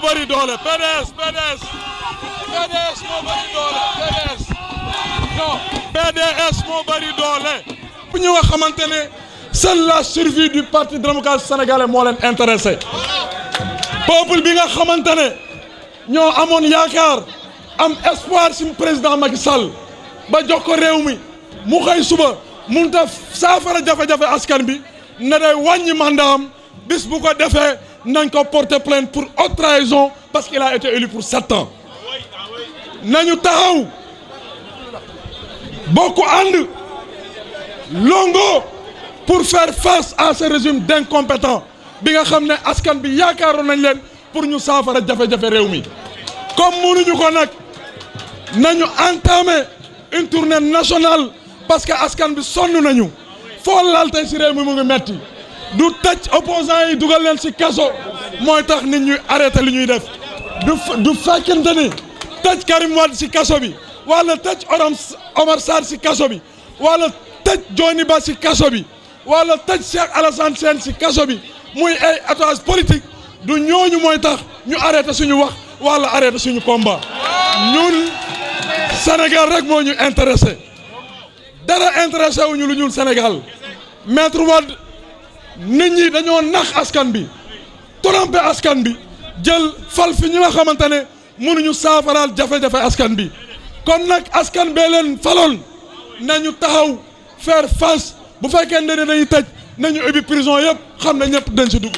moo bëri doole PDS moo bëri doole PDS xamante ne seule la survie du parti démocratique sénégalais moo leen intéressé peuple bi nga xamante ne ñoo amoon yaakaar am espoir ci président Macky Sall ba jox ko réew mi mu xëy suba mënut a saafara jafe-jafe askan bi ne wàññi mandaam bis bu ko defee. nañ ko porter plainte pour haute trahison parce qu'il a été élu pour sept ans nañu taxaw bokk ànd longo pour faire face à ce régime d'incompétents bi nga xam ne askan bi yaakaaroon nañ leen pour ñu saafara jafe-jafe réew mi comme mënuñu ko nag nañu entamer une tournée nationale parce que askan bi sonn nañu foo laal tey si réew mi mu ngi metti du tëj opposants yi dugal leen ci kaso mooy tax nit ñuy arrêté li ñuy def du du fekkente ni tëj Karim Wade ci kaso bi walla tëj Oram Omar Sarr ci kaso bi walla tëj Johnny Ba ci kaso bi wala tëj Cheikh Alassane Sène ci kaso bi muy ay otage politique du ñooñu mooy tax ñu arrêté suñu wax wala arrêté suñu combat ñun Sénégal rek moo ñu intéressé dara intéressé wuñu lu ñun Sénégal maître Wade nit ñi dañoo nax askan bi trompé askan bi jël fal fi ñi nga xamante ne mënuñu saafaraal jafe-jafe askan bi kon nag askan bee leen faloon nañu taxaw faire face bu fekkee ne dañuy tëj nañu ubbi prison yëpp xam ne ñëpp dañ si dugg